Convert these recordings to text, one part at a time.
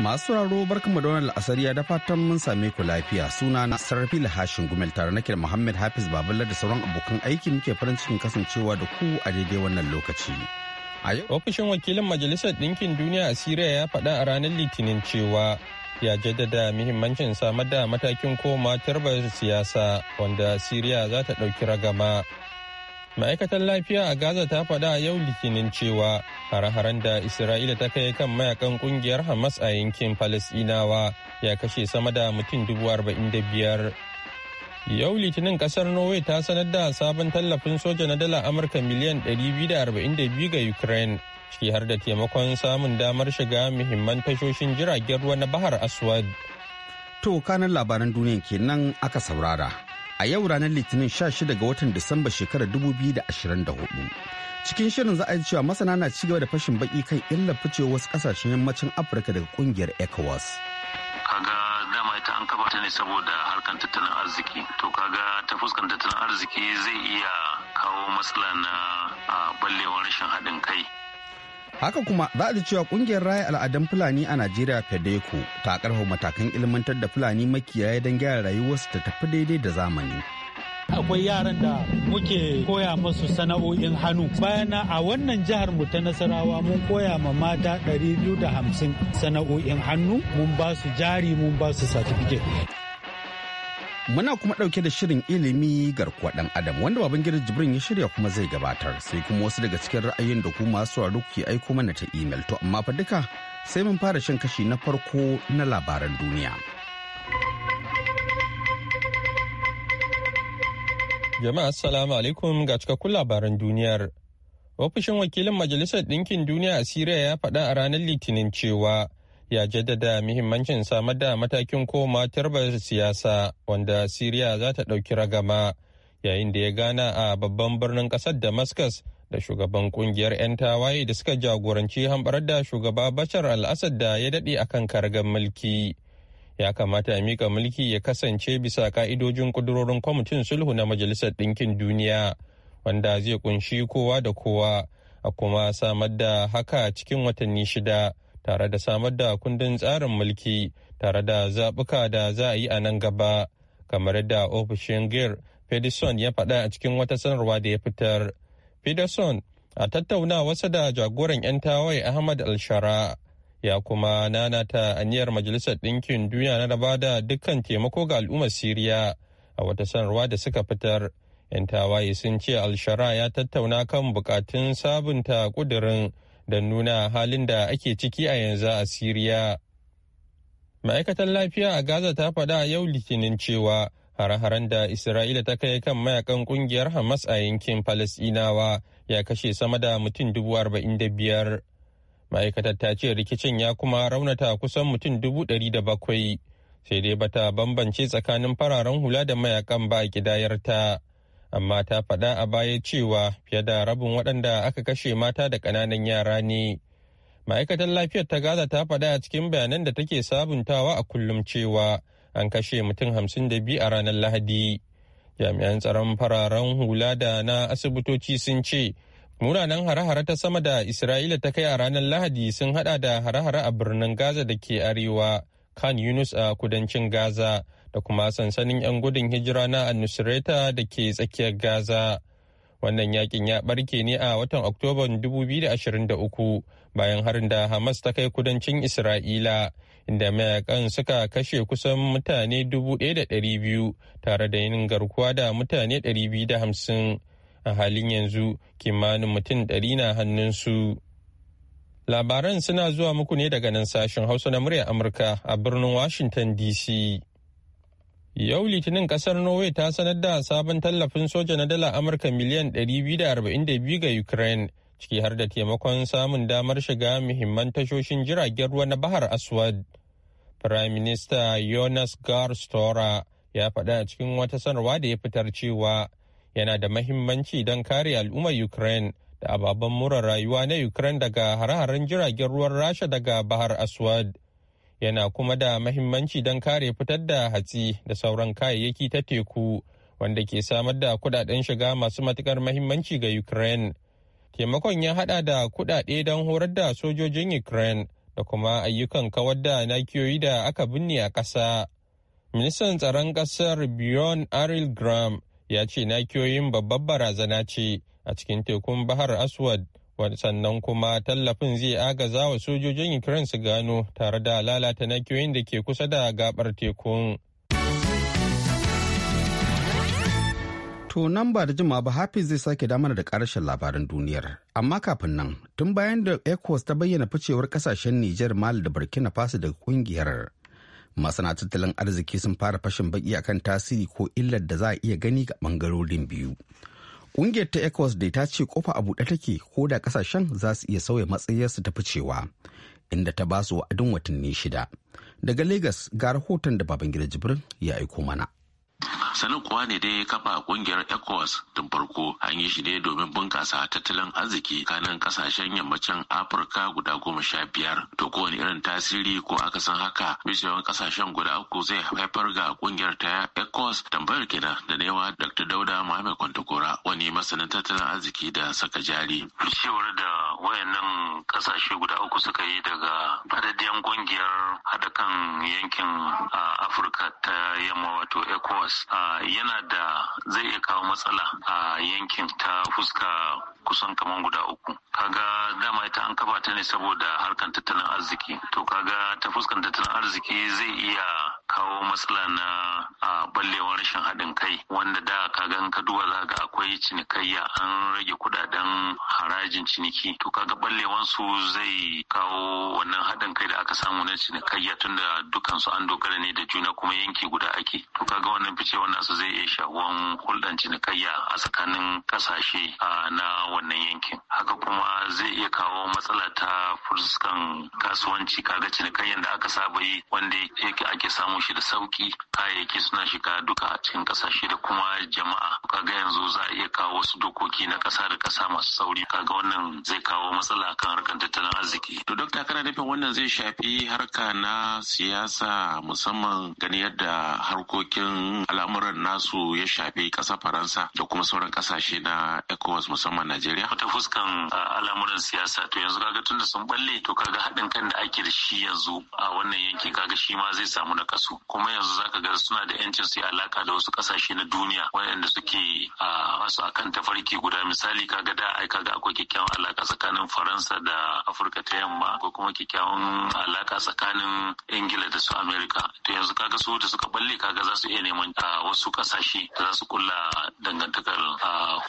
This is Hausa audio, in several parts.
Masu raro mu da wannan asariya da fatan mun same ku lafiya suna na sarrafi hashin gumel tare nake Muhammad Hafiz Babalar da sauran abokan aiki muke farin cikin kasancewa da ku a daidai wannan lokaci. A ofishin wakilin Majalisar Ɗinkin Duniya a Siriya ya faɗa a ranar Litinin cewa ya jaddada muhimmancin samar da matakin koma tarbar siyasa wanda Siriya za ta ɗauki ragama ma'aikatar lafiya a gaza ta faɗa yau litinin cewa hare-haren da isra'ila ta kai kan mayakan kungiyar hamas a yankin falasɗinawa ya kashe sama da mutum dubu arba'in da biyar yau litinin kasar norway ta sanar da sabon tallafin soja na dala amurka miliyan 242 ga ukraine ciki har da taimakon samun damar shiga muhimman tashoshin jiragen ruwa na bahar aswad to kanan labaran duniya kenan aka saurara a yau ranar litinin 16 ga watan disamba shekarar 2024 cikin shirin za a yi cewa masana na cigaba da fashin baki kan illa fice wasu kasashen yammacin afirka daga kungiyar ecowas kaga dama ita an kafa ta ne saboda harkar tattalin arziki to kaga ta fuskan tattalin arziki zai iya kawo matsala na ballewar ah, rashin haɗin kai haka kuma za a cewa kungiyar raya al'adun fulani a najeriya fedeco ta karfa matakan ilmantar da fulani makiyaya don gyara rayuwarsu ta tafi daidai da zamani akwai yaran da muke koya masu sana'o'in hannu bayana a wannan jihar mu ta nasarawa mun koya ma mata 250 sana'o'in hannu mun ba su jari mun ba su certificate Muna kuma ɗauke da shirin ilimi garkuwa ɗan Adam wanda Babangida Jibrin ya shirya kuma zai gabatar sai kuma wasu daga cikin ra'ayin da kuma masu sauraro ke aiko mana ta imel to amma fa duka sai mun fara shan kashi na farko na labaran duniya. Jama'a assalamu alaikum ga cikakkun labaran duniyar. Ofishin wakilin Majalisar Ɗinkin Duniya a Siriya ya faɗa a ranar Litinin cewa ya jaddada muhimmancin samar da matakin koma tarbar siyasa wanda Siriya za ta ɗauki ragama yayin da ya gana a babban birnin ƙasar Damascus da shugaban kungiyar 'yan tawaye da suka jagoranci hamɓarar da shugaba Bashar al-Assad da ya daɗe a kan kargar mulki. Ya kamata a mika mulki ya kasance bisa ka'idojin ƙudurorin kwamitin sulhu na Majalisar Ɗinkin Duniya wanda zai kunshi kowa da kowa a kuma samar da haka cikin watanni shida. tare da samar da kundin tsarin mulki tare da zaɓuka da za a yi a nan gaba kamar da ofishin gir Pedison ya faɗa a cikin wata sanarwa da ya fitar Pedison a tattauna wasa da jagoran 'yan tawaye ahmad alshara ya kuma nanata aniyar majalisar ɗinkin duniya na raba da dukkan taimako ga al'ummar siriya a wata sanarwa da suka fitar 'yan tawaye sun ce alshara ya tattauna kan bukatun sabunta kudirin don nuna halin da ake ciki a yanzu a Siriya. Ma'aikatar lafiya a Gaza ta faɗa a yau litinin cewa hare-haren da Isra'ila ta kai kan mayakan ƙungiyar Hamas a yankin Falasɗinawa ya kashe sama da mutum dubu arba'in da biyar. Ma'aikatar ta ce rikicin ya kuma raunata kusan mutum dubu ɗari da bakwai. Sai dai bata bambance tsakanin fararen hula da mayakan ba a ƙidayarta. amma ta faɗa a baya cewa fiye da rabin waɗanda aka kashe mata da ƙananan yara ne. Ma'aikatar lafiyar ta Gaza ta faɗa a cikin bayanan da take sabuntawa a kullum cewa an kashe mutum hamsin da biyu a ranar Lahadi. Jami'an tsaron fararen hula da na asibitoci sun ce munanan hare-hare ta sama da Isra'ila ta kai a ranar Lahadi sun haɗa da hare-hare a birnin Gaza da ke arewa, kan Yunus a kudancin Gaza. da kuma sansanin 'yan gudun hijira na annusireta da ke tsakiyar gaza wannan yakin ya barke ne a watan oktoban 2023 bayan harin da hamas ta kai kudancin isra'ila inda mayakan suka kashe kusan mutane 1,200 tare da yin garkuwa da mutane 250 a halin yanzu kimanin mutum 100 na hannunsu labaran suna zuwa muku ne daga nan sashen hausa na murya amurka a birnin washington dc Yau Litinin kasar Norway ta sanar da sabon tallafin soja na dala Amurka miliyan 242 ga Ukraine, ciki har da taimakon samun damar shiga muhimman tashoshin jiragen ruwa na Bahar Aswad. Prime Minister Jonas Garstora ya faɗa a cikin wata sanarwa da ya fitar cewa yana da mahimmanci don kare al'ummar Ukraine da ababen mura rayuwa na Ukraine daga hare-haren jiragen ruwan Rasha daga Bahar Aswad. yana kuma da mahimmanci don kare fitar da hatsi da sauran kayayyaki ta teku wanda ke samar da kudaden shiga masu matukar mahimmanci ga ukraine taimakon ya hada da kudade don horar da sojojin ukraine da kuma ayyukan kawar da nakiyoyi da aka binne a ƙasa ministan tsaron ƙasar bion aril graham ya ce nakiyoyin babbar barazana ce a cikin tekun bahar aswad sannan kuma tallafin zai agaza wa sojojin ukraine su gano tare da lalata nakiyoyin da ke kusa da gabar tekun To nan ba da jima ba hafi zai sake damar da karshen labaran duniyar. Amma kafin nan, tun bayan da ECOWAS ta bayyana ficewar kasashen Nijar, Mali da Burkina Faso daga kungiyar masana tattalin arziki sun fara fashin baki akan tasiri ko illar da za a iya gani ga bangarorin biyu. Ƙungiyar ta ECOWAS da ta ce kofa a buɗe take ko da ƙasashen za su iya sauya matsayarsu ta ficewa inda ta ba su wa'adin watanni shida. Daga Legas ga rahoton da Babangida Jibrin ya aiko mana. sanin kuwa ne dai kafa kungiyar ecowas tun farko an yi shi ne domin bunkasa tattalin arziki kanan kasashen yammacin afirka guda goma sha biyar to kowane irin tasiri ko akasin haka bishiyoyin kasashen guda uku zai haifar ga kungiyar ta ecowas tambayar kenan da newa dr dauda muhammad kwantakora wani masanin tattalin arziki da saka jari bishiyar da wayannan kasashe guda uku suka yi daga adadiyan kungiyar hada kan yankin afirka ta yamma wato ecowas Gabas yana da zai iya kawo matsala a yankin ta fuska kusan kamar guda uku kaga dama ita an kafa ta ne saboda harkar tattalin arziki to kaga ta fuskan tattalin arziki zai iya kawo matsala na a ballewar rashin haɗin kai wanda da kaga in ka duba za ga akwai cinikayya an rage kudaden harajin ciniki to kaga ballewan su zai kawo wannan haɗin kai da aka samu na cinikayya tunda dukan su an dogara ne da juna kuma yanki guda ake to kaga wannan fice wannan su zai iya shagon hulɗan cinikayya a tsakanin ƙasashe na wannan yankin haka kuma kuma zai iya kawo matsala ta fuskan kasuwanci kaga cinikayyar da aka saba yi wanda yake ake samu shi da sauki kayayyaki suna shiga duka a cikin kasashe da kuma jama'a kaga yanzu za a iya kawo wasu dokoki na kasa da kasa masu sauri kaga wannan zai kawo matsala kan harkar tattalin arziki to dokta kana nufin wannan zai shafi harka na siyasa musamman gani yadda harkokin al'amuran nasu ya shafi ƙasa faransa da kuma sauran ƙasashe na ecowas musamman najeriya wata fuskan al'amuran siyasa to yanzu kaga tunda sun balle to kaga haɗin kan da ake da shi yanzu a wannan yanki kaga shi ma zai samu na kasu kuma yanzu zaka ga suna da yancin su alaka da wasu kasashe na duniya waɗanda suke a wasu akan tafarki guda misali kaga da ai kaga akwai kyakkyawan alaka tsakanin Faransa da Afirka ta yamma ko kuma kyakkyawan alaka tsakanin Ingila da su Amerika to yanzu kaga su da suka balle kaga za su iya neman wasu kasashe da za su kulla dangantakar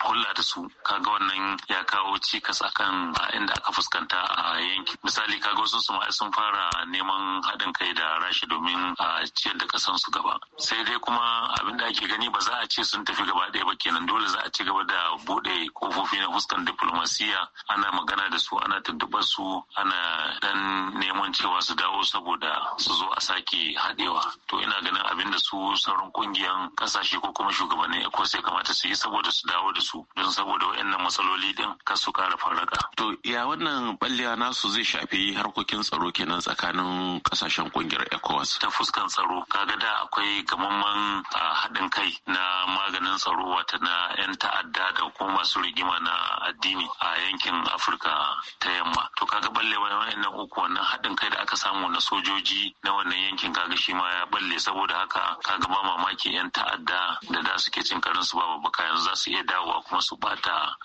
hulla da su kaga wannan ya kawo cikas a akan ah, inda aka fuskanta a yanki misali kaga wasu su sun fara neman haɗin kai da rashi domin a ah, ciyar da ƙasan su gaba sai dai kuma abin da ake gani ba za a ce sun tafi gaba ɗaya ba kenan dole za a ci gaba da buɗe kofofi na fuskan diplomasiya ana magana da su ana tuntuɓar su ana dan neman cewa su dawo saboda su zo a sake haɗewa to ina ganin abin da su sauran kungiyan kasashe ko kuma shugabannin ecos ya kamata su yi saboda su dawo da su don saboda waɗannan matsaloli din kar su ƙara fara. afirka to ya wannan ballewa nasu zai shafi harkokin tsaro kenan tsakanin kasashen kungiyar ecowas ta fuskan tsaro kaga da akwai gamamman haɗin kai na maganin tsaro wata na 'yan ta'adda da kuma masu rigima na addini a yankin afirka ta yamma to kaga ballewa wannan uku wannan haɗin kai da aka samu na sojoji na wannan yankin kaga shi ma ya balle saboda haka kaga ba mamaki 'yan ta'adda da da suke cin karin su ba babba yanzu za su iya dawowa kuma su bata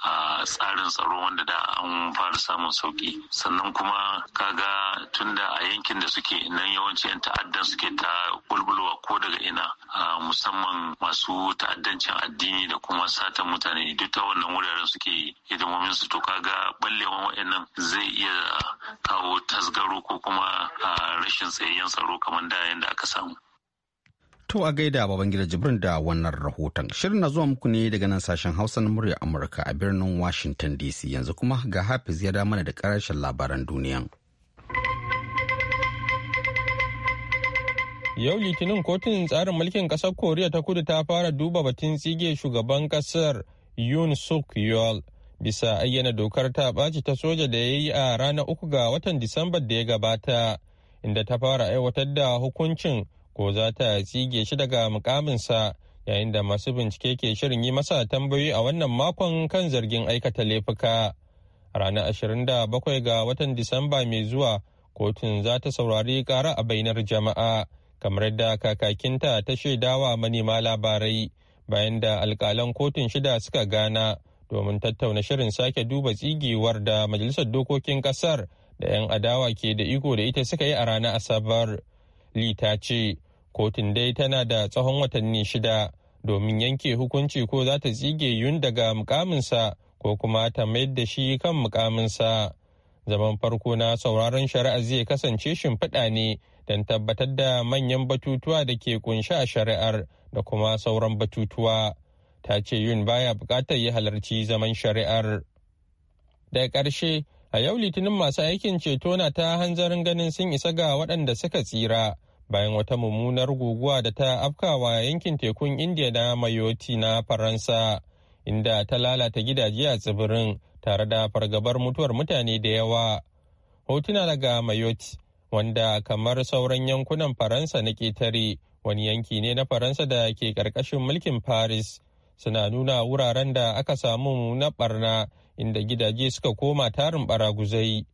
tsarin tsaro wanda da an fara samun sauki sannan kuma kaga tunda a yankin da suke nan yawanci 'yan ta'addan suke ta bulbulwa ko daga ina musamman masu ta'addancin addini da kuma satan mutane duk ta wannan wuraren suke hidimomin su to kaga ballewan wa'annan zai iya kawo tasgaro ko kuma rashin tsayayyen tsaro kamar da yadda aka samu To a gaida Babangida Jibrin da wannan rahoton. Shirin na zuwa muku ne daga nan sashen Hausa na murya Amurka a birnin Washington DC yanzu kuma ga Hafiz ya mana da karshen labaran duniyan. Yau Litinin kotun tsarin mulkin kasar Koriya ta kudu ta fara duba batun tsige shugaban kasar yun Suk yol bisa ayyana dokar ta ɓaci ta soja da ya yi a ranar uku ga watan Disambar da ya gabata inda ta fara aiwatar da hukuncin ko za ta tsige shi daga mukaminsa yayin da masu bincike ke shirin yi masa tambayoyi a wannan makon kan zargin aikata laifuka. Ranar 27 ga watan Disamba mai zuwa, kotun za ta saurari kara a bainar jama'a, kamar yadda kakakinta ta shaidawa manema labarai, bayan da alkalan kotun shida suka gana domin tattauna shirin sake duba tsigewar da Majalisar Dokokin kasar da 'yan adawa ke da iko da ita suka yi a ranar Asabar. Li ce, kotun dai tana da tsawon watanni shida domin yanke hukunci ko za ta tsige yun daga mukaminsa ko kuma ta mayar da shi kan mukaminsa zaman farko na sauraron shari'a zai kasance shimfiɗa ne don tabbatar da manyan batutuwa da ke kunshi a shari'ar da kuma sauran batutuwa ta ce yun baya buƙatar yi halarci zaman shari'ar Da ƙarshe a yau litinin masu aikin ceto na ta hanzarin ganin sun isa ga waɗanda suka tsira bayan wata mummunar guguwa da ta afkawa yankin tekun indiya na mayoti na faransa inda ta lalata gidaje a tsibirin tare da fargabar mutuwar mutane da yawa hotuna daga mayoti wanda kamar sauran yankunan faransa na ƙetare wani yanki ne na faransa da ke ƙarƙashin mulkin paris suna nuna wuraren da aka samu na barna inda gidaje suka koma tarin baraguzai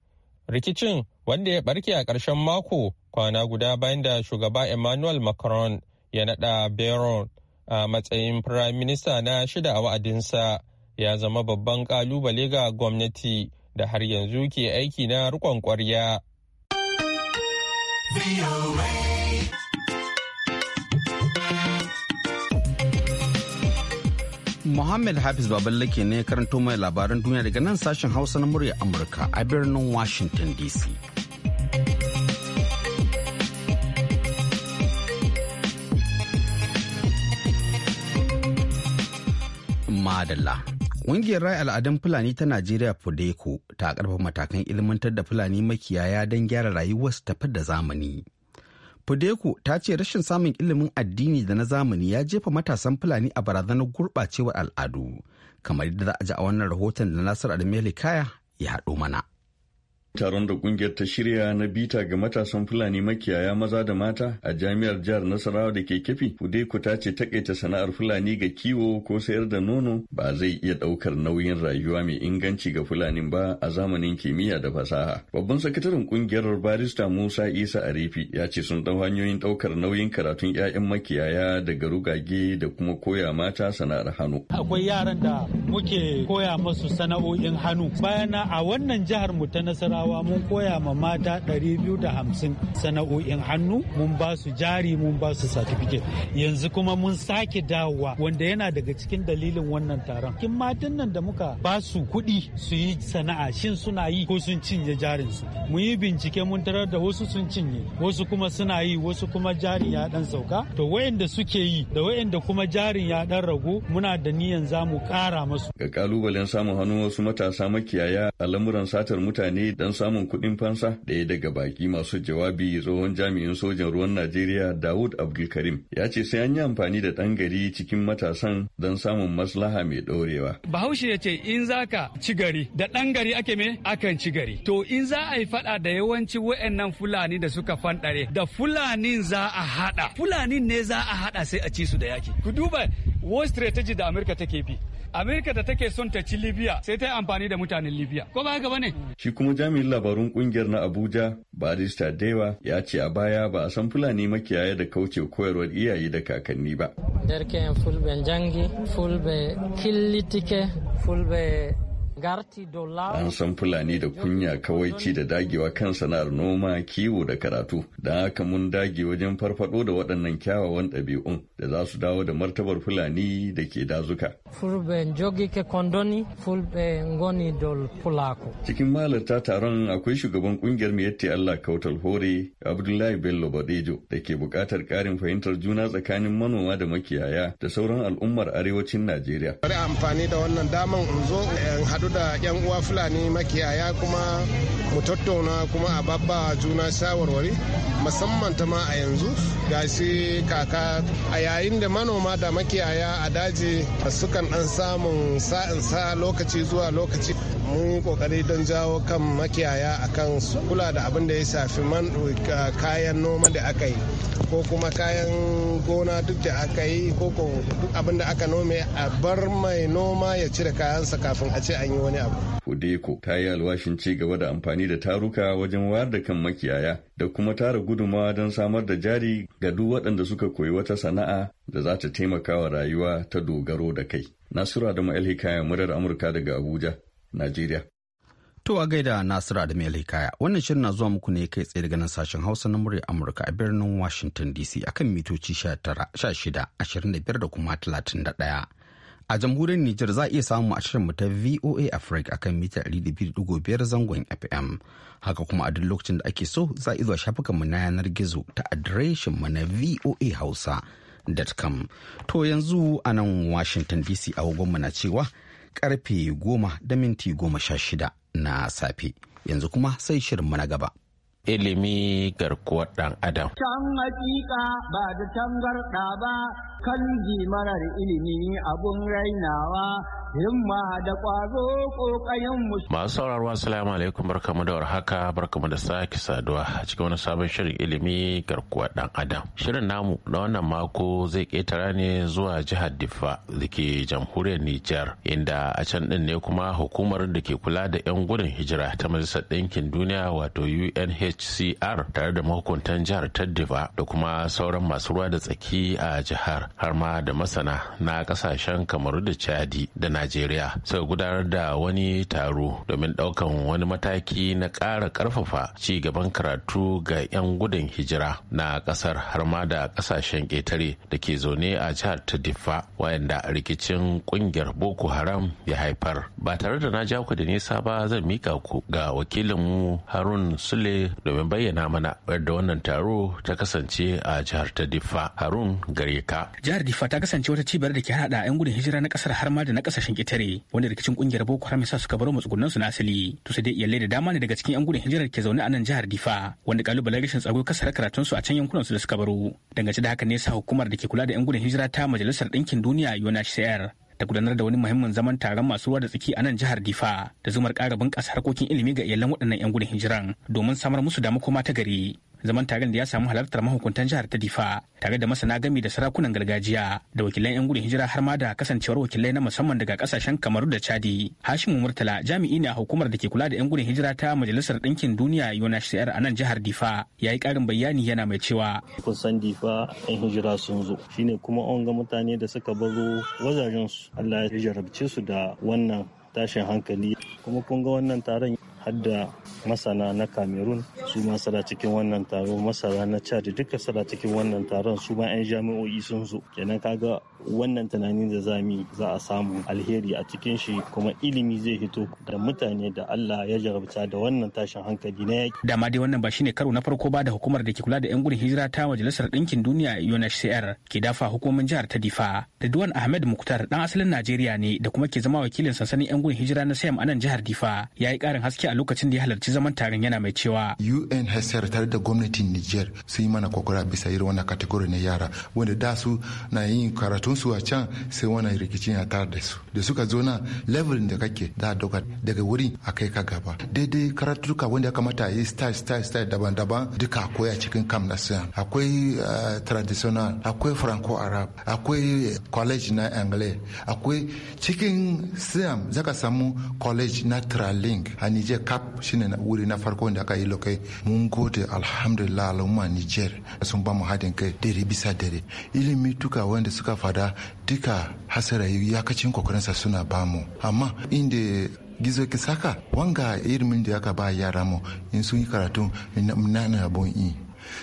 rikicin wanda ya barke a ƙarshen mako kwana guda bayan da shugaba Emmanuel Macron ya naɗa Beron a matsayin prime Minista na shida a wa'adinsa ya zama babban ƙalubale ga gwamnati da har yanzu ke aiki na riƙon ƙwarya. Muhammad Hafiz Baballake ne ya karanto mai labaran duniya daga nan sashen Hausa na murya Amurka a birnin Washington DC. Madalla. Ƙungiyar Rai al'adun Fulani ta Najeriya Fudeko ta ƙarfafa matakan ilmantar da Fulani makiyaya don gyara rayuwarsu tafi da zamani. Fudeku ta ce rashin samun ilimin addini da na zamani ya jefa matasan Fulani a barazanar gurɓacewar al'adu, kamar yadda za a ji a wannan rahoton da Nasir Adamu Kaya ya haɗo mana. Taron da kungiyar ta shirya na bita ga matasan Fulani makiyaya maza da mata a jami'ar jihar Nasarawa da ke kefi Fudeku ta ce takaita sana'ar Fulani ga kiwo ko sayar da nono ba zai iya daukar nauyin rayuwa mai inganci ga fulani ba a zamanin kimiyya da fasaha. Babban sakataren kungiyar barista Musa Isa Arifi ya ce sun dau hanyoyin daukar nauyin karatun 'ya'yan makiyaya daga rugage da kuma koya mata sana'ar hannu. Akwai yaran da muke koya musu sana'o'in hannu. Bayan a wannan jihar mu ta Nasarawa Turawa mun koya ma mata 250 sana'o'in hannu mun ba su jari mun ba su certificate yanzu kuma mun sake dawowa wanda yana daga cikin dalilin wannan taron kin matan nan da muka ba su kuɗi su yi sana'a shin suna yi ko sun cinye jarin su mu yi bincike mun tarar da wasu sun cinye wasu kuma suna yi wasu kuma jarin ya dan sauka to wayanda suke yi da wayanda kuma jarin ya dan ragu muna da niyan zamu kara masu. ga kalubalen samun hannu wasu matasa makiyaya a lamuran satar mutane dan don samun kuɗin fansa ɗaya daga baki masu jawabi tsohon jami'in sojan ruwan Najeriya Dawud Abdulkarim ya ce sai an yi amfani da ɗan gari cikin matasan don samun maslaha mai ɗorewa. Bahaushe ya ce in za ka ci gari da ɗan gari ake me akan ci gari. To in za a yi faɗa da yawanci wa'annan Fulani da suka fanɗare da Fulanin za a haɗa. Fulanin ne za a haɗa sai a ci su da yaki. Ku duba ta ji da Amurka take bi. Amurka da take son ta ci Libya sai ta yi amfani da mutanen Libya. Ko ba haka ne. Shi kuma jami'in labarun kungiyar na Abuja, Barista Dewa ya ce a baya ba a san Fulani makiyaya da kauce koyarwar iyaye da kakanni ba. Derke fulbe jangi, fulbe kilitike, fulbe An san Fulani da kunya kawai ci da dagewa kan sana'ar noma, kiwo da karatu, don haka mun dage wajen farfado da waɗannan kyawawan ɗabi'un da za su dawo da martabar Fulani da ke dazuka. Cikin malarta taron akwai shugaban ƙungiyar Miyatti Allah Kautal Hore, Abdullahi Bello Badejo, da ke buƙatar ƙarin fahimtar juna tsakanin manoma da makiyaya da sauran al'ummar arewacin Najeriya. Bari amfani da da 'yan uwa fulani makiyaya kuma mu tattauna kuma a babba juna shawarwari musamman ta ma a yanzu ga shi kaka a yayin da manoma da makiyaya a daji sukan dan samun sa'in sa lokaci zuwa lokaci mun yi kokari don jawo kan makiyaya akan kula da abin da ya shafi man eh, kayan noma da aka yi ko kuma kayan gona duk da aka yi ko duk abin da aka nome a bar mai noma ya cire kayansa kafin a ce an yi wani abu. Fudeko ta yi alwashin ci gaba da amfani da taruka wajen wayar da kan makiyaya da kuma tara gudumawa don samar da jari ga duk waɗanda suka koyi wata sana'a da za ta taimaka wa rayuwa ta dogaro da kai. Nasiru Adamu Alhikaya, murar Amurka daga Abuja, Najeriya. To a gaida Nasiru Adamu Hikaya wannan shirin na zuwa muku ne kai tsaye daga nan sashen Hausa na murya Amurka a birnin Washington DC akan mitoci 16, da kuma 31. A jamhuriyar Nijar za a iya samu a shirin mu ta VOA Africa akan mita 200.5 zangon FM. Haka kuma a duk lokacin da ake so za a zuwa shafukan mu na yanar gizo ta adireshin mu na voahausa.com. To yanzu a nan Washington DC a na cewa karfe goma da minti goma sha shida na safe yanzu kuma sai shirinmu na gaba. ilimi garkuwar ɗan adam. Can hakika ba da tangarɗa ba kan marar ilimi abun rainawa himma da ƙwazo ƙoƙayen musu. Masu sauraro assalamu alaikum barkamu da warhaka barkamu da sake saduwa a cikin wani sabon shirin ilimi garkuwar ɗan adam. Shirin namu na wannan mako zai ƙetara ne zuwa jihar Diffa da ke jamhuriyar Nijar inda a can ɗin ne kuma hukumar da ke kula da 'yan gudun hijira ta Majalisar Ɗinkin Duniya wato UNH UNHCR tare da mahukuntan jihar Taddiba da kuma sauran masu ruwa da tsaki a jihar har ma da masana na kasashen kamaru da Chadi da Najeriya suka gudanar da wani taro domin daukan wani mataki na ƙara ƙarfafa ci gaban karatu ga 'yan gudun hijira na ƙasar har ma da ƙasashen ƙetare da ke zaune a jihar wayan wayanda rikicin ƙungiyar Boko Haram ya haifar ba tare da na ja ku da nisa ba zan mika ku ga wakilinmu Harun Sule domin bayyana mana yadda wannan taro ta kasance a jihar ta difa Harun gare ka. Jihar Diffa ta kasance wata cibiyar da ke hada yan gudun hijira na kasar har ma da na kasashen ƙetare wanda rikicin kungiyar Boko Haram sa suka baro matsugunan su na asali. To dai iyalai da dama ne daga cikin yan gudun hijirar ke zaune a nan jihar difa wanda kalubalen rashin tsaro kasar karatun su a can yankunan su da suka baro. Dangance da haka ne sa hukumar da ke kula da yan gudun hijira ta Majalisar Ɗinkin Duniya UNHCR ta gudanar da wani muhimmin zaman taron masu ruwa da tsaki a nan jihar Difa da zumar ƙara bunƙasa harkokin ilimi ga iyalan waɗannan 'yan gudun hijiran domin samar musu da makoma ta gari. zaman taron da ya samu halartar mahukuntan jihar ta difa tare da masana gami da sarakunan gargajiya da wakilan 'yan gudun hijira har ma da kasancewar wakilai na musamman daga kasashen kamaru da chadi hashimu murtala jami'i ne a hukumar da ke kula da 'yan gudun hijira ta majalisar ɗinkin duniya unhcr a nan jihar difa ya yi ƙarin bayani yana mai cewa kun san difa 'yan hijira sun zo shine kuma an ga mutane da suka baro wajajensu allah ya jarabce su da wannan tashin hankali kuma kun ga wannan taron hadda masana na cameroon su ma sada cikin wannan taron masana na chad duka sada cikin wannan taron su ma 'yan jami'o'i sun zo kenan kaga wannan tunanin da za mu za a samu alheri a cikin shi kuma ilimi zai hito da mutane da allah ya jarabta da wannan tashin hankali na yaki dama dai wannan ba shine karo na farko ba da hukumar da ke kula da 'yan gudun hijira ta majalisar ɗinkin duniya unhcr ke dafa hukumomin jihar ta difa ridwan ahmed muktar dan asalin najeriya ne da kuma ke zama wakilin sansanin 'yan gudun hijira na sayam anan jihar difa ya yi ƙarin haske a lokacin da ya halarci zaman taron yana mai cewa UN has tare da gwamnatin Niger sun yi mana kokura bisa irin wannan kategori na yara wanda da su na yin karatun su a can sai wannan rikicin ya tare da su da suka zo na level da kake da doka daga wurin a kai ka gaba daidai karatuka wanda ya kamata yi style style style daban-daban duka akwai a cikin kam na akwai eh, traditional akwai franco arab akwai college na angle akwai cikin siam zaka samu college na tralink a niger cap shine na wuri na farko da aka yi lokai mun gode alhamdulillah al'umma niger sun ba mu haɗin kai dare bisa dare ilimi tuka wanda suka fada duka hasara yakacin kokarinsa suna ba mu amma inda gizo ki saka wanga ilimin da aka ba yara mu in sun yi karatu na na yi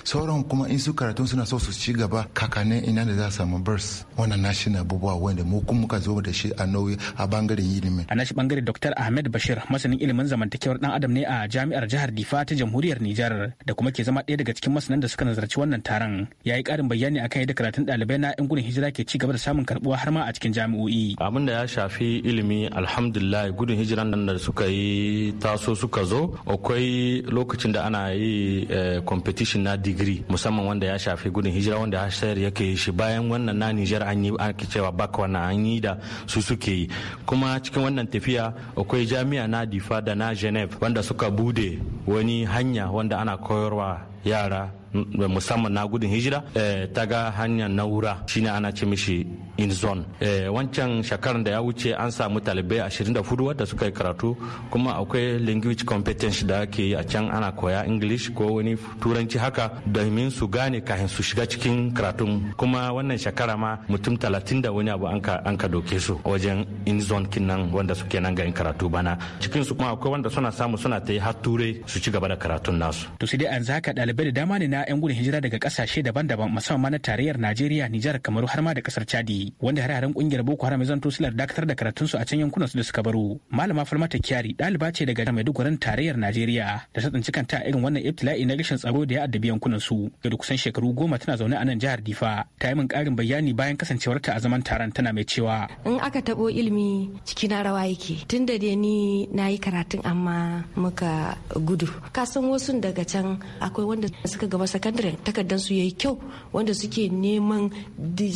sauran kuma in su karatun suna so su ci gaba kakannin ina da za a samu bars wannan na shi na abubuwa wanda mu kuma muka zo da shi a nauyi a bangaren ilimin. a nashi bangaren dr ahmed bashir masanin ilimin zamantakewar dan adam ne a jami'ar jihar difa ta jamhuriyar nijar da kuma ke zama ɗaya daga cikin masanan da suka nazarci wannan taron ya yi ƙarin bayani akan yadda karatun ɗalibai na yan gudun hijira ke ci gaba da samun karɓuwa har ma a cikin jami'o'i abin da ya shafi ilimi alhamdulillah gudun hijira nan da suka yi taso suka zo akwai lokacin da ana yi eh, competition na digiri musamman wanda ya shafi gudun hijira wanda hashar yake shi bayan wannan na nijar an yi ake cewa bak wannan an yi da su suke yi kuma cikin wannan tafiya akwai jami'a na difa da na geneve wanda suka bude wani hanya wanda ana koyarwa yara musamman na gudun hijira eh, ta ga hanyar naura shine ana ce mishi in zone eh, wancan shekaran da ya wuce an samu talibai 24 wadda suka yi karatu kuma akwai language competence da ake yi a can ana koya english ko wani turanci haka domin su gane kahin su shiga cikin karatun kuma wannan shekara ma mutum 30 da wani abu an ka doke su wajen in zone kinnan wanda suke nan ga karatu bana cikin su kuma akwai wanda suna samu suna ta yi har turai su ci gaba da karatun nasu to sai dai an zaka ɗalibai da dama ne na na 'yan gudun hijira daga kasashe daban-daban musamman na tarayyar Najeriya, Nijar, Kamaru har ma da kasar Chadi, wanda hararen kungiyar Boko Haram to silar dakatar da su a can yankunan su da suka baro. Malama Falmata Kyari ɗaliba ce daga Maiduguri tarayyar Najeriya da ta tsinci kanta irin wannan ibtila'i na rashin tsaro da ya addabi yankunan su. Da kusan shekaru goma tana zaune a nan jihar Difa, ta yi min ƙarin bayani bayan kasancewarta a zaman taron tana mai cewa. In aka taɓo ilimi ciki na rawa yake, tun da ni na yi karatun amma muka gudu. Kasan wasu daga can akwai wanda suka gaba sakandare takardar su yayi kyau wanda suke neman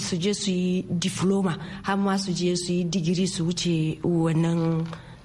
su je su yi diploma har ma su je su yi digiri su wuce wannan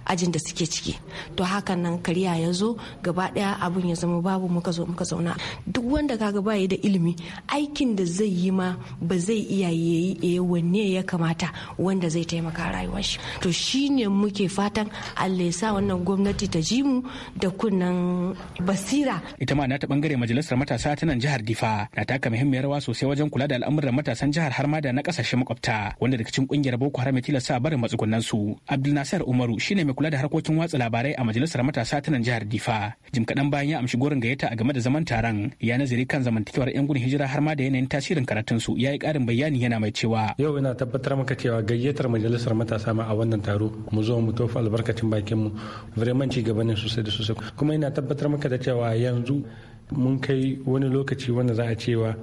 ajin da suke ciki to hakan nan kariya ya zo gaba daya abun ya zama babu muka zo muka zauna duk wanda kaga bayi da ilimi aikin da zai yi ma ba zai iya yayi wanne ya kamata wanda zai taimaka rayuwar shi to shine muke fatan Allah ya sa wannan gwamnati ta ji mu da kunnan basira ita ma na ta bangare majalisar matasa ta nan jihar Difa na taka muhimmiyar rawa sosai wajen kula da al'amuran matasan jihar har ma da na kasashe makwabta wanda daga cikin kungiyar Boko Haram ya tilasta barin matsugunan su Abdul Nasir Umaru shine mai kula da harkokin watsa labarai a majalisar matasa ta nan jihar Difa. Jim kaɗan bayan ya amshi gorin gayyata a game da zaman taron ya nazari kan zamantakewar 'yan gudun hijira har ma da yanayin tasirin karatun su ya yi ƙarin bayani yana mai cewa. Yau ina tabbatar maka cewa gayyatar majalisar matasa ma a wannan taro mu zo mu tofa albarkacin bakin mu vraiment ci gaba ne sosai da sosai kuma ina tabbatar maka da cewa yanzu mun kai wani lokaci wanda za a cewa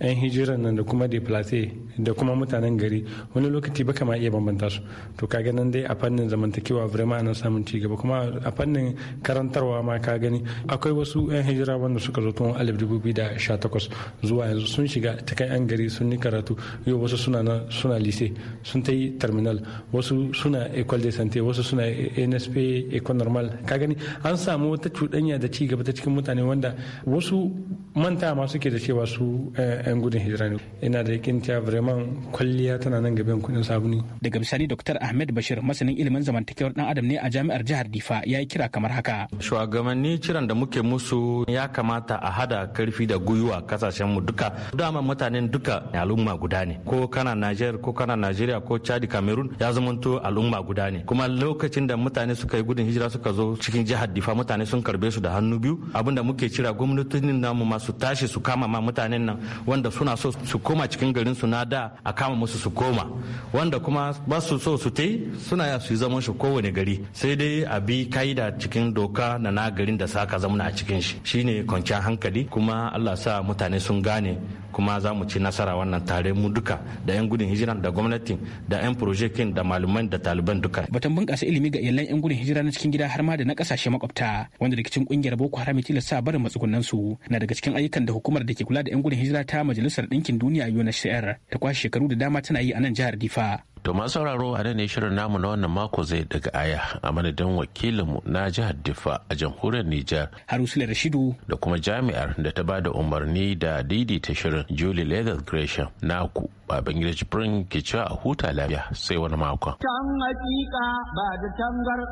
'yan hijiran nan da kuma de plate da kuma mutanen gari wani lokaci ba kama iya bambanta su to ka ganin dai a fannin zamantakewa vraiment ana samun ci gaba kuma a fannin karantarwa ma ka gani akwai wasu 'yan hijira wanda suka zo tun 2018 zuwa yanzu sun shiga kai 'yan gari sun yi karatu yau wasu suna na suna lise sun ta yi terminal wasu suna ecole de santé wasu suna nsp ecole normal ka gani an samu wata cuɗanya da ci gaba ta cikin mutane wanda wasu manta ma suke da cewa su eh, 'yan gudun hijira ne ina da yakin cewa vraiment kwalliya tana nan gaban kudin sabuni daga bisani dr ahmed bashir masanin ilimin zamantakewar dan adam ne a jami'ar jihar difa ya yi kira kamar haka shugabanni kiran da muke musu ya kamata a hada karfi da gwiwa kasashen mu duka dama mutanen duka al'umma guda ne ko kana niger ko kana nigeria ko chad cameroon ya zamanto al'umma guda ne kuma lokacin da mutane suka yi gudun hijira suka zo cikin jihar difa mutane sun karbe su da hannu biyu abinda muke kira gwamnatin namu masu tashi su kama ma mutanen nan wanda suna so su koma cikin garin su na da a kama musu su koma wanda kuma ba su so su tai suna ya su zama zaman shi kowane gari sai dai a bi ka'ida cikin doka na na garin da saka zamana a cikin shi shine kwanciyar hankali kuma Allah sa mutane sun gane kuma za mu ci nasara wannan tare mu duka da 'yan gudun hijira da gwamnatin da 'yan projekin da malaman da taliban duka. Batun bunƙasa ilimi ga iyalan 'yan gudun hijira na cikin gida har ma da na ƙasashe makwabta wanda rikicin ƙungiyar Boko Haram ya tilasta barin matsugunan su na daga cikin ayyukan da hukumar da ke kula da 'yan gudun hijira ta Majalisar Ɗinkin Duniya UNHCR ta kwashe shekaru da dama tana yi a nan jihar Difa. To masu sauraro a nan ne shirin namu na wannan mako zai daga aya a madadin wakilinmu na jihar Diffa a jamhuriyar Nijar. Harusula Rashidu. Da kuma jami'ar da ta bada umarni da didi ta shirin Julie Leather Gresham naku baban gida jibrin ke cewa a huta lafiya sai wani makon. Can hakika ba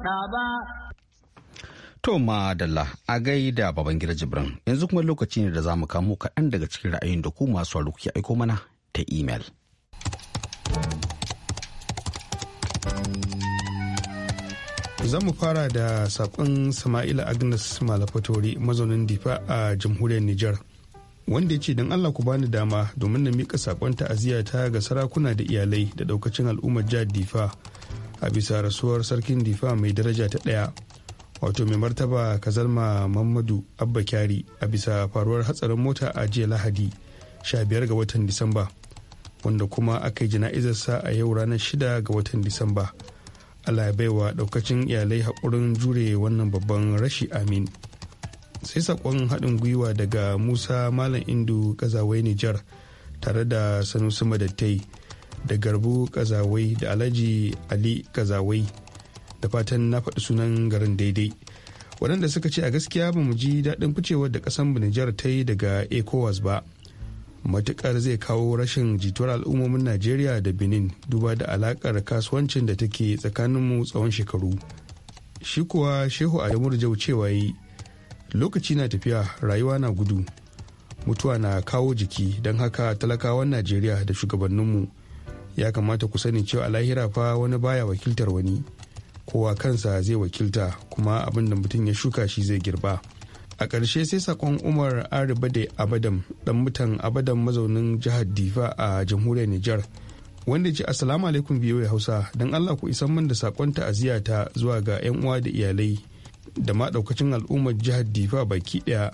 da ba. To madalla a gaida baban gida jibrin yanzu kuma lokaci ne da za mu kamo kaɗan daga cikin ra'ayin da ku masu kuke aiko mana ta imel. zan mu fara da saƙon sama'ila agnes malafatori mazaunin difa a jamhuriyar nijar wanda ya ce don allah ku bani dama domin na mika saƙon ta'aziyya ta ga sarakuna da iyalai da ɗaukacin al'ummar jihar difa a bisa rasuwar sarkin difa mai daraja ta ɗaya wato mai martaba kazalma mamadu abba kyari a bisa faruwar hatsarin mota a jiya lahadi 15 ga watan disamba wanda kuma aka yi jana'izarsa a yau ranar 6 ga watan disamba Allah ya baiwa daukacin iyalai haƙurin jure wannan babban rashi amin. Sai saƙon haɗin gwiwa daga Musa Malam Indu ƙazawai Nijar tare da Sanusi Madattai da Garbu ƙazawai da Alhaji Ali ƙazawai da fatan na faɗi sunan garin daidai. waɗanda suka ce a gaskiya ba mu ji daɗin ficewar da ƙasan Nijar ta yi daga ECOWAS ba. matukar zai kawo rashin jituwar al'ummomin najeriya da benin duba da alakar kasuwancin da take tsakaninmu tsawon shekaru shi kuwa shehu adamu jau cewa yi lokaci na tafiya rayuwa na gudu mutuwa na kawo jiki don haka talakawan najeriya da shugabanninmu ya kamata ku sani cewa lahira fa wani baya wakiltar wani kowa kansa zai wakilta kuma abin da mutum ya shuka shi zai girba a ƙarshe sai sakon umar aribade abadam ɗan mutan abadan mazaunin jihar difa a jamhuriyar nijar wanda ce assalamu alaikum biyoyi hausa don allah ku isan min da sakon ta'aziyya ta zuwa ga 'yan uwa da iyalai da ma daukacin al'ummar jihar difa baki daya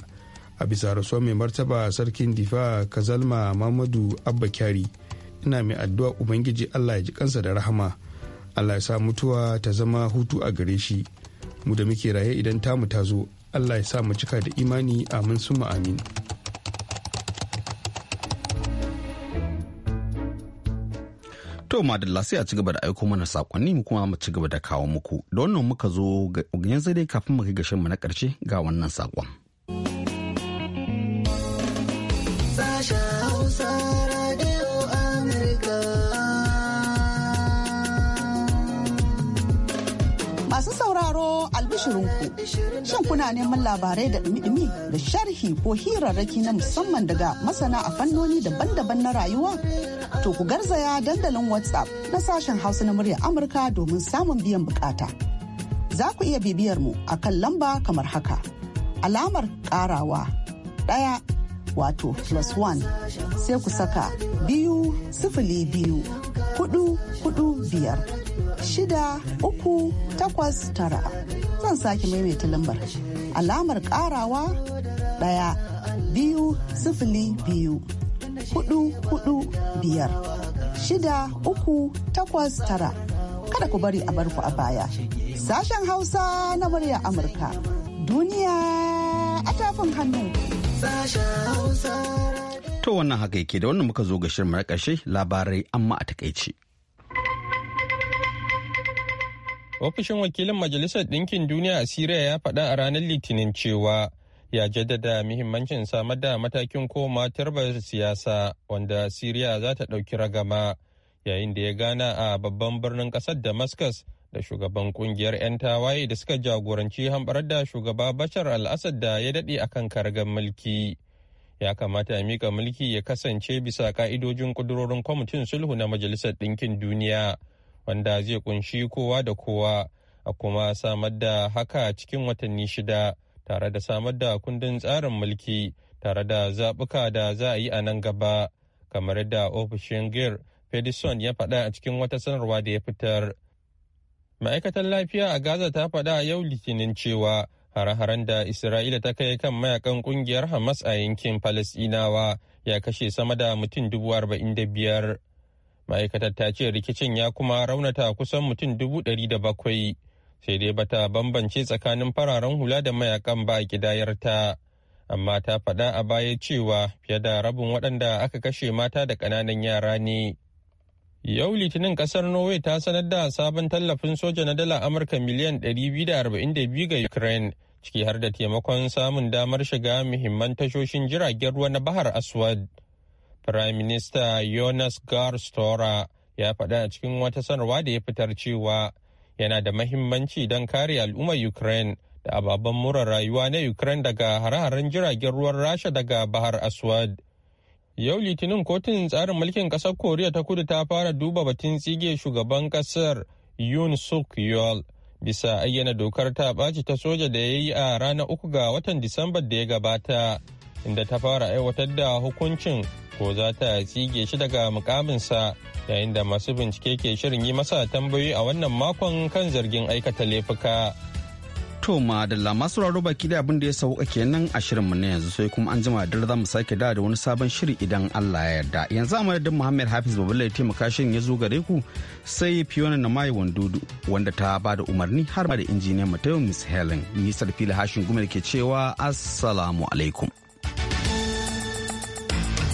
a bisa rasuwa mai martaba sarkin difa kazalma mamadu abba kyari ina mai addu'a ubangiji allah ya ji kansa da rahama allah ya sa mutuwa ta zama hutu a gare shi mu da muke raye idan tamu ta zo Allah ya sa mu cika da imani amin summa amin. To madalla sai a ci gaba da aiko mana sakonni mu kuma mu ci gaba da kawo muku. Da wannan muka zo yanzu dai kafin mu kai gashin mu na ƙarshe ga wannan saƙon. ku shan kuna neman labarai da ɗumi-ɗumi da sharhi ko hirarraki na musamman daga masana a fannoni daban-daban na rayuwa? To ku garzaya dandalin WhatsApp na sashen Hausa na muryar Amurka domin samun biyan bukata. Za ku iya bibiyar mu a kan lamba kamar haka. Alamar karawa ɗaya wato plus one sai ku saka biyu sifili biyu hudu hudu biyar shida uku takwas tara zan sake maimaita lambar alamar karawa ɗaya biyu sifili biyu hudu hudu biyar shida uku takwas tara kada ku bari a barku a baya sashen hausa na murya amurka duniya a tafin hannu to wannan haka yake da wannan muka zo ga shirin na ƙarshe labarai amma a takaice. Ofishin wakilin Majalisar Ɗinkin Duniya a Siriya ya faɗa a ranar Litinin cewa ya jaddada muhimmancin samar da matakin koma tarbar siyasa wanda Siriya za ta ɗauki ragama yayin da ya gana a babban birnin ƙasar Damascus da shugaban ƙungiyar 'yan tawaye da suka jagoranci hambarar da shugaba Bashar al-Assad da ya daɗe akan kargar mulki. Ya kamata ya mika mulki ya kasance bisa ka'idojin ƙudurorin kwamitin sulhu na Majalisar Ɗinkin Duniya. wanda zai kunshi kowa da kowa a kuma samar da haka cikin watanni shida tare da samar da kundin tsarin mulki tare da zaɓuka da za a yi a nan gaba kamar da ofishin gir Pederson ya faɗa a cikin wata sanarwa da ya fitar. Ma'aikatar lafiya a Gaza ta faɗa a yau litinin cewa hare-haren da Isra'ila ta kai kan mayakan kungiyar Hamas a yankin Falasɗinawa ya kashe sama da mutum dubu arba'in da biyar. ma'aikatar ta ce rikicin ya kuma raunata kusan mutum dubu ɗari da bakwai sai dai bata bambance tsakanin fararen hula da mayakan ba kidayar ta amma ta faɗa a baya cewa fiye da rabin waɗanda aka kashe mata da ƙananan yara ne yau litinin ƙasar norway ta sanar da sabon tallafin soja na dala amurka miliyan 242 ga ukraine ciki har da taimakon samun damar shiga muhimman tashoshin jiragen ruwa na bahar aswad Prime Minister Jonas Gahr Stora ya faɗa a cikin wata sanarwa da ya fitar cewa yana da mahimmanci don kare al'ummar Ukraine da ababen mura rayuwa na Ukraine daga hare-haren jiragen ruwan Rasha daga Bahar Aswad. Yau Litinin kotun tsarin mulkin ƙasar Koriya ta kudu ta fara duba batun tsige shugaban ƙasar Yoon Suk Yeol bisa ayyana dokar ta ɓaci ta soja da ya yi a ranar uku ga watan Disambar da ya gabata, inda ta fara aiwatar da hukuncin ko za ta tsige shi daga mukaminsa yayin da masu bincike ke shirin yi masa tambayoyi a wannan makon kan zargin aikata laifuka. To ma masu raro baki da abin da ya sauka kenan a shirinmu na yanzu sai kuma an jima da za mu sake da wani sabon shiri idan Allah ya yarda. Yanzu a madadin Muhammad Hafiz Babalai ya taimaka shirin ya zo gare ku sai Fiona na Mai Wandudu wanda ta ba da umarni har ma da injiniyan mu ta Miss Helen. ni Fili Hashin Gumar ke cewa Assalamu alaikum.